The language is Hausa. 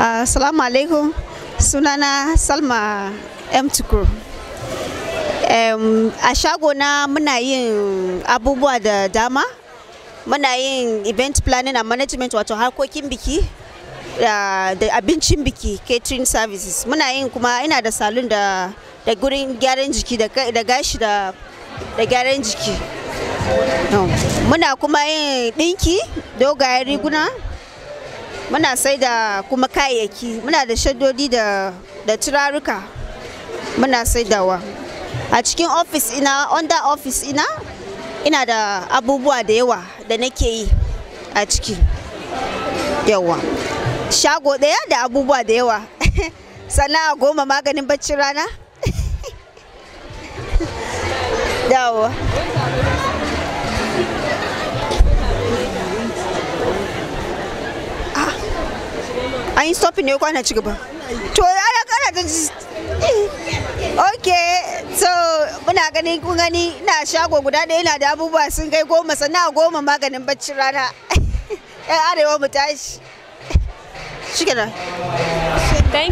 Ah, assalamu alaikum sunana Salma M. Tukur. Um, a shagona muna yin abubuwa da dama muna yin event planning and management wato harkokin biki da abincin biki catering services muna yin kuma ina da salon da da gurin gyaran jiki da gashi da gyaran jiki muna kuma yin dinki dogayen riguna muna sai da kuma kayayyaki muna da shaddodi da turaruka muna dawa a cikin ofis ina under ofis ina ina da abubuwa da yawa da nake yi a ciki yawa shago daya da abubuwa da yawa sannan a goma maganin baccin rana an yi stopping ne ko ana ci gaba to ana kana ta okay so muna gani kun gani ina shago guda ɗaya yana da abubuwa sun kai goma sana goma maganin baccin rana yan arewa mu tashi shi thank